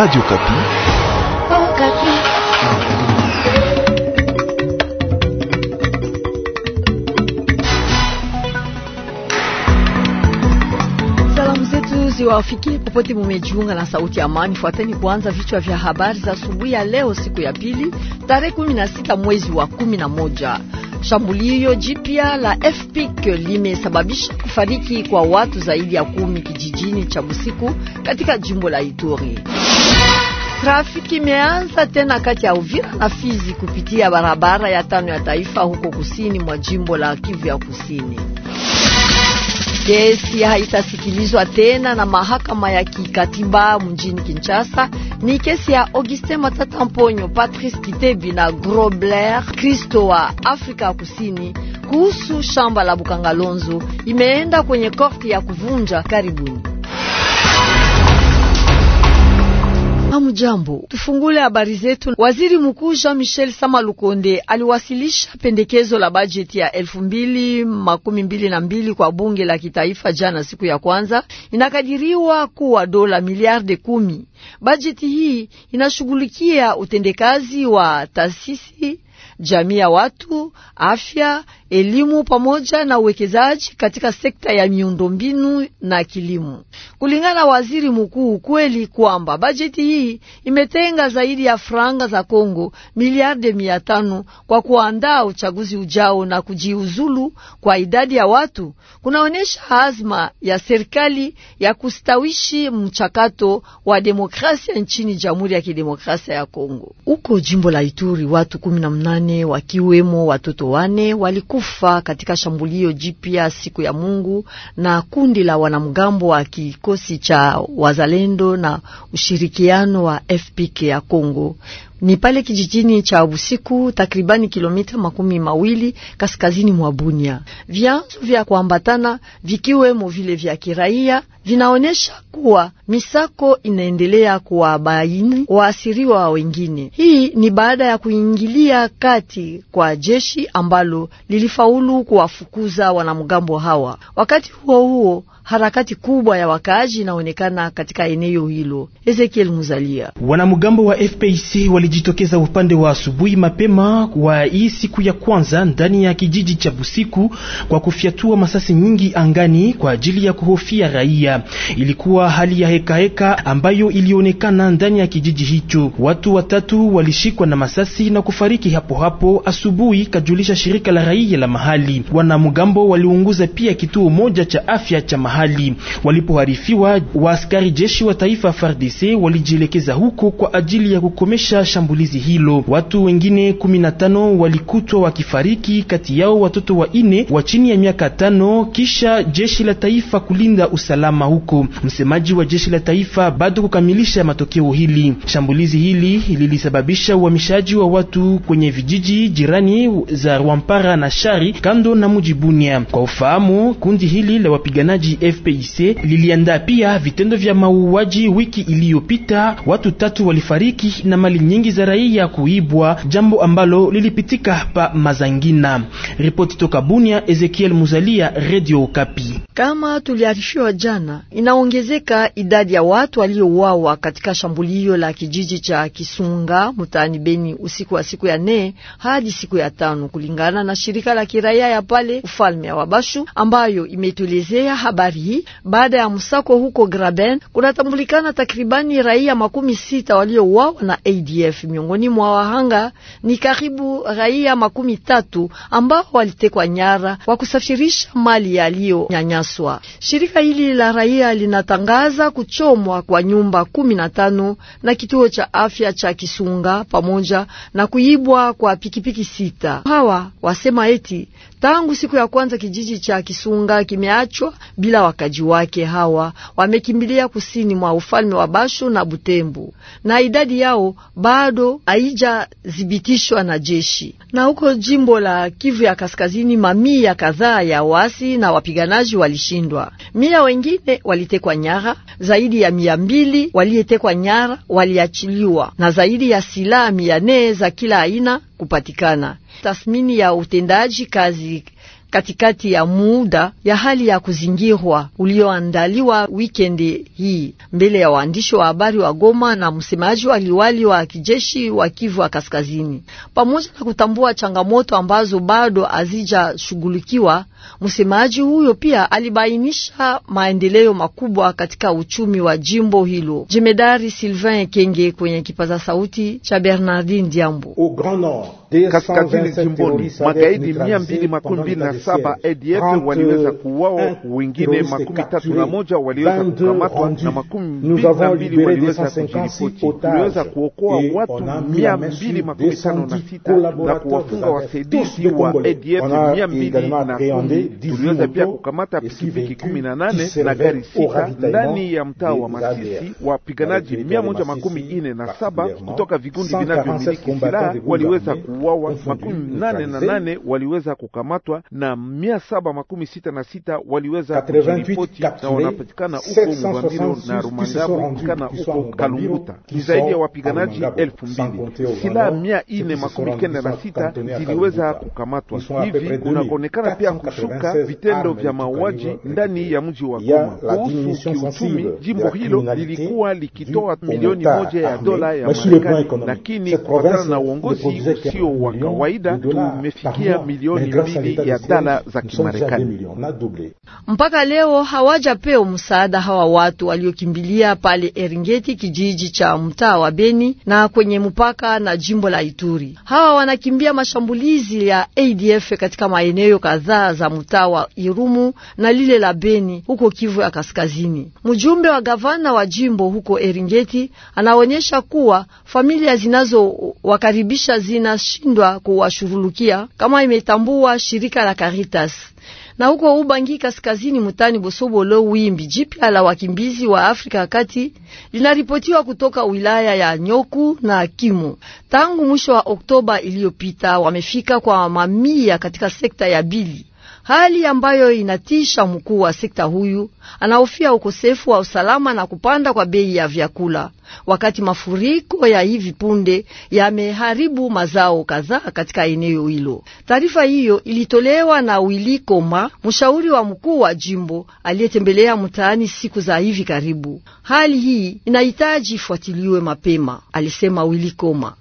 Radio Kapi. Oh, Kapi. Salamu zetu ziwafikie popote mumejiunga na sauti ya amani. Fuateni kuanza vichwa vya habari za asubuhi ya leo, siku ya pili, tarehe 16 mwezi wa 11. Shambulio jipya la FPIC limesababisha kufariki kwa watu zaidi ya kumi kijijini cha Busiku katika jimbo la Ituri. Trafiki imeanza tena kati ya Uvira na Fizi kupitia barabara ya tano ya taifa huko kusini mwa jimbo la Kivu ya Kusini. Kesi haitasikilizwa tena na mahakama ya kikatiba mjini Kinshasa. Ni kesi ya Auguste Matata Mponyo, Patrice Kitebi na Grobler Kristo wa Afrika Kusini kuhusu shamba la Bukangalonzo imeenda kwenye korti ya kuvunja karibuni. Hujambo, tufungule habari zetu. Waziri Mkuu Jean Michel Samalukonde aliwasilisha pendekezo la bajeti ya elfu mbili makumi mbili na mbili kwa bunge la kitaifa jana, siku ya kwanza. Inakadiriwa kuwa dola miliarde kumi. Bajeti hii inashughulikia utendekazi wa taasisi jamii ya watu, afya, elimu pamoja na uwekezaji katika sekta ya miundombinu na kilimo. Kulingana na waziri mkuu, kweli kwamba bajeti hii imetenga zaidi ya franga za Kongo miliarde mia tano kwa kuandaa uchaguzi ujao na kujiuzulu kwa idadi ya watu kunaonyesha azma ya serikali ya kustawishi mchakato wa demokrasia nchini Jamhuri ya Kidemokrasia ya Kongo. Huko jimbo la Ituri watu kumi na mnane wane wakiwemo watoto wane walikufa katika shambulio jipya siku ya Mungu na kundi la wanamgambo wa kikosi cha wazalendo na ushirikiano wa FPK ya Kongo ni pale kijijini cha Busiku, takribani kilomita makumi mawili kaskazini mwa Bunia. Vyanzo vya kuambatana vikiwemo vile vya kiraia vinaonyesha kuwa misako inaendelea kuwabaini waasiriwa wengine. Hii ni baada ya kuingilia kati kwa jeshi ambalo lilifaulu kuwafukuza wanamgambo hawa. Wakati huo huo harakati kubwa ya wakaaji inaonekana katika eneo hilo. Ezekiel Muzalia. Wanamgambo wa fpc walijitokeza upande wa asubuhi mapema wa hii siku ya kwanza ndani ya kijiji cha Busiku kwa kufyatua masasi nyingi angani kwa ajili ya kuhofia raia. Ilikuwa hali ya hekaheka ambayo ilionekana ndani ya kijiji hicho. Watu watatu walishikwa na masasi na kufariki hapo hapo asubuhi, kajulisha shirika la raia la mahali. Wanamgambo waliunguza pia kituo moja cha afya cha mahali mahali walipoharifiwa. Waaskari jeshi wa taifa FARDC walijielekeza huko kwa ajili ya kukomesha shambulizi hilo. Watu wengine 15 walikutwa wakifariki, kati yao watoto wanne wa chini ya miaka tano, kisha jeshi la taifa kulinda usalama huko. Msemaji wa jeshi la taifa bado kukamilisha matokeo hili. Shambulizi hili lilisababisha uhamishaji wa watu kwenye vijiji jirani za Rwampara na Shari kando na mji Bunia. Kwa ufahamu, kundi hili la wapiganaji FPIC lilianda pia vitendo vya mauaji wiki iliyopita, watu tatu walifariki na mali nyingi za raia kuibwa, jambo ambalo lilipitika pa Mazangina. Ripoti toka Bunia, Ezekiel Muzalia, Radio Kapi. Kama tuliarishiwa jana, inaongezeka idadi ya watu waliouawa katika shambulio la kijiji cha Kisunga mtaani Beni usiku wa siku ya nne hadi siku ya tano kulingana na shirika la kiraia ya pale ufalme wa Bashu ambayo imetuelezea habari habari. Baada ya msako huko Graben, kunatambulikana takribani raia makumi sita waliouawa na ADF. Miongoni mwa wahanga ni karibu raia makumi tatu ambao walitekwa nyara kwa kusafirisha mali yaliyonyanyaswa. Shirika hili la raia linatangaza kuchomwa kwa nyumba kumi na tano na kituo cha afya cha Kisunga pamoja na kuibwa kwa pikipiki sita. Hawa wasema eti Tangu siku ya kwanza kijiji cha Kisunga kimeachwa bila wakaji wake. Hawa wamekimbilia kusini mwa ufalme wa Bashu na Butembo, na idadi yao bado haijathibitishwa na jeshi. Na huko jimbo la Kivu ya Kaskazini, mamia kadhaa ya wasi na wapiganaji walishindwa, mia wengine walitekwa nyara, zaidi ya mia mbili waliyetekwa nyara waliachiliwa, na zaidi ya silaha mia nne za kila aina kupatikana. Tathmini ya utendaji kazi katikati ya muda ya hali ya kuzingirwa ulioandaliwa wikendi hii mbele ya waandishi wa habari wa Goma na msemaji wa liwali wa kijeshi wa Kivu wa Kaskazini, pamoja na kutambua changamoto ambazo bado hazijashughulikiwa. Msemaji huyo pia alibainisha maendeleo makubwa katika uchumi wa jimbo hilo. Jemedari Sylvain Kenge kwenye kipaza sauti cha Bernardin Diambo. Kaskazini jimboni magaidi mia mbili makumi mbili na saba ADF waliweza kuuawa, wengine makumi tatu na moja waliweza kukamatwa na makumi mbili na mbili waliweza kujiripoti. Tuliweza kuokoa watu mia mbili makumi tano na sita na kuwafunga wasaidizi wa ADF mia mbili na kumi Konde tuliweza pia kukamata pikipiki kumi na nane na gari sita ndani ya mtaa wa Masisi. Wapiganaji mia moja makumi ine na saba kutoka vikundi vinavyomiliki silaha waliweza kuuawa, makumi nane na nane waliweza kukamatwa na mia saba makumi sita na sita waliweza kuripoti na wanapatikana huko Muvambiro na Rumangabo kana huko Kalunguta. Ni zaidi ya wapiganaji elfu mbili silaha mia ine makumi kenda na sita ziliweza kukamatwa hivi unakonekana pia kushuka vitendo vya mauaji ndani ya mji wa Goma. Kuhusu kiuchumi, jimbo hilo lilikuwa likitoa milioni moja ya dola ya Marekani, lakini kutokana na uongozi usio wa kawaida tumefikia milioni mbili ya dola za Kimarekani. Mpaka leo hawajapewa msaada hawa watu waliokimbilia pale Eringeti, kijiji cha mtaa wa Beni na kwenye mpaka na jimbo la Ituri. Hawa wanakimbia mashambulizi ya ADF katika maeneo kadhaa za la mtaa wa Irumu na lile la Beni huko Kivu ya Kaskazini. Mjumbe wa gavana wa jimbo huko Eringeti anaonyesha kuwa familia zinazowakaribisha zinashindwa kuwashurulukia kama imetambua shirika la Caritas na huko Ubangi kaskazini mutani Bosobolo, wimbi jipya la wakimbizi wa Afrika ya kati linaripotiwa kutoka wilaya ya Nyoku na Kimu. Tangu mwisho wa Oktoba iliyopita, wamefika kwa mamia katika sekta ya Bili hali ambayo inatisha. Mkuu wa sekta huyu anahofia ukosefu wa usalama na kupanda kwa bei ya vyakula, wakati mafuriko ya hivi punde yameharibu mazao kadhaa katika eneo hilo. Taarifa hiyo ilitolewa na Wilikoma, mshauri wa mkuu wa jimbo aliyetembelea mtaani siku za hivi karibu. Hali hii inahitaji ifuatiliwe mapema, alisema Wilikoma.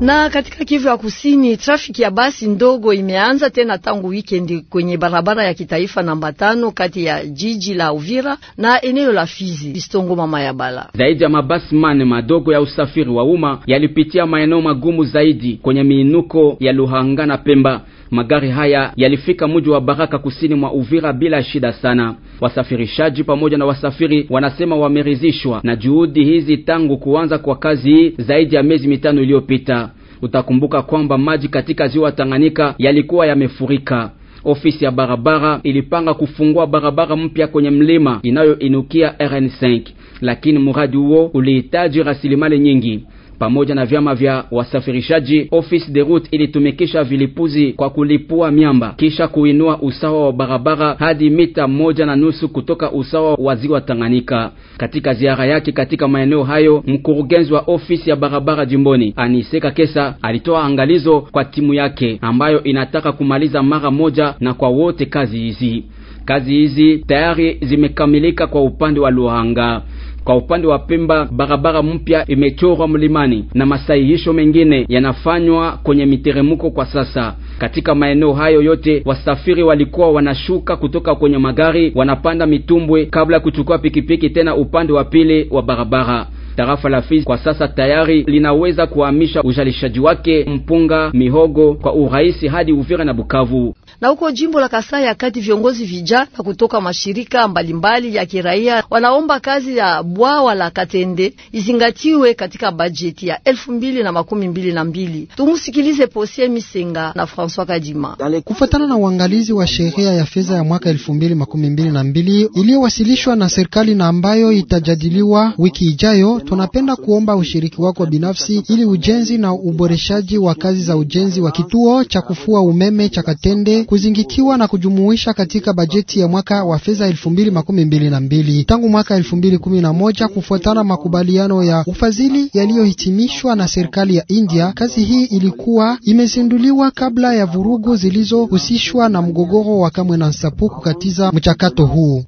Na katika Kivu ya Kusini, trafiki ya basi ndogo imeanza tena tangu wikendi kwenye barabara ya kitaifa namba tano kati ya jiji la Uvira na eneo la Fizi Bistongo mama ya bala. Zaidi ya mabasi mane madogo ya usafiri wa umma yalipitia maeneo magumu zaidi kwenye miinuko ya Luhanga na Pemba. Magari haya yalifika mji wa Baraka kusini mwa Uvira bila shida sana. Wasafirishaji pamoja na wasafiri wanasema wamerizishwa na juhudi hizi tangu kuanza kwa kazi hii zaidi ya miezi mitano iliyopita. Utakumbuka kwamba maji katika ziwa Tanganyika yalikuwa yamefurika. Ofisi ya barabara ilipanga kufungua barabara mpya kwenye mlima inayoinukia RN5, lakini mradi huo ulihitaji rasilimali nyingi pamoja na vyama vya wasafirishaji. Office de route ilitumikisha vilipuzi kwa kulipua miamba kisha kuinua usawa wa barabara hadi mita moja na nusu kutoka usawa wa ziwa Tanganyika. Katika ziara yake katika maeneo hayo, mkurugenzi wa ofisi ya barabara jimboni Aniseka Kesa alitoa angalizo kwa timu yake ambayo inataka kumaliza mara moja na kwa wote kazi hizi. Kazi hizi tayari zimekamilika kwa upande wa Luhanga. Kwa upande wa Pemba, barabara mpya imechorwa mlimani na masahihisho mengine yanafanywa kwenye miteremko kwa sasa. Katika maeneo hayo yote, wasafiri walikuwa wanashuka kutoka kwenye magari, wanapanda mitumbwe kabla kuchukua pikipiki tena upande wa pili wa barabara. Tarafa la Fizi kwa sasa tayari linaweza kuhamisha uzalishaji wake mpunga, mihogo kwa urahisi hadi Uvira na Bukavu. Na huko jimbo la Kasai ya Kati, viongozi vijana kutoka mashirika mbalimbali ya kiraia wanaomba kazi ya bwawa la Katende izingatiwe katika bajeti ya elfu mbili na makumi mbili na mbili. Tumusikilize Posie Misenga na François Kadima. Kufatana na uangalizi wa sheria ya fedha ya mwaka elfu mbili makumi mbili na mbili iliyowasilishwa na serikali na ambayo itajadiliwa wiki ijayo, tunapenda kuomba ushiriki wako binafsi ili ujenzi na uboreshaji wa kazi za ujenzi wa kituo cha kufua umeme cha Katende kuzingikiwa na kujumuisha katika bajeti ya mwaka wa fedha 2012 tangu mwaka 2011 kufuatana makubaliano ya ufadhili yaliyohitimishwa na serikali ya India. Kazi hii ilikuwa imezinduliwa kabla ya vurugu zilizohusishwa na mgogoro wa na Nsapu kukatiza mchakato huu.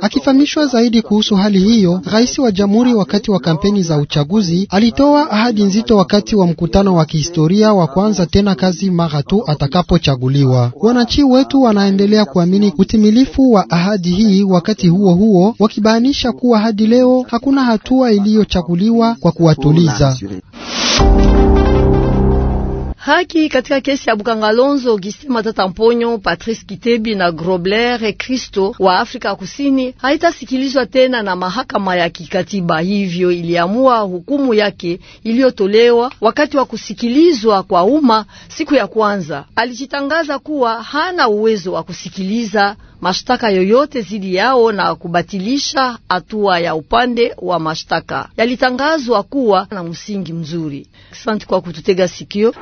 Akifamishwa zaidi kuhusu hali hiyo, rais wa jamhuri wakati wa kampeni za uchaguzi alitoa ahadi nzito wakati wa mkutano wa kihistoria wa kwanza tena kazi mara tu atakapochaguliwa kuchukuliwa. Wananchi wetu wanaendelea kuamini utimilifu wa ahadi hii, wakati huo huo wakibainisha kuwa hadi leo hakuna hatua iliyochukuliwa kwa kuwatuliza haki katika kesi ya Bukangalonzo Gisima Tata Mponyo, Patrice Kitebi na Grobler Kristo wa Afrika Kusini haitasikilizwa tena na mahakama ya kikatiba, hivyo iliamua hukumu yake iliyotolewa wakati wa kusikilizwa kwa umma siku ya kwanza. Alijitangaza kuwa hana uwezo wa kusikiliza mashtaka yoyote zidi yao na kubatilisha hatua ya upande wa mashtaka. Yalitangazwa kuwa na msingi mzuri. Asante kwa kututega sikio.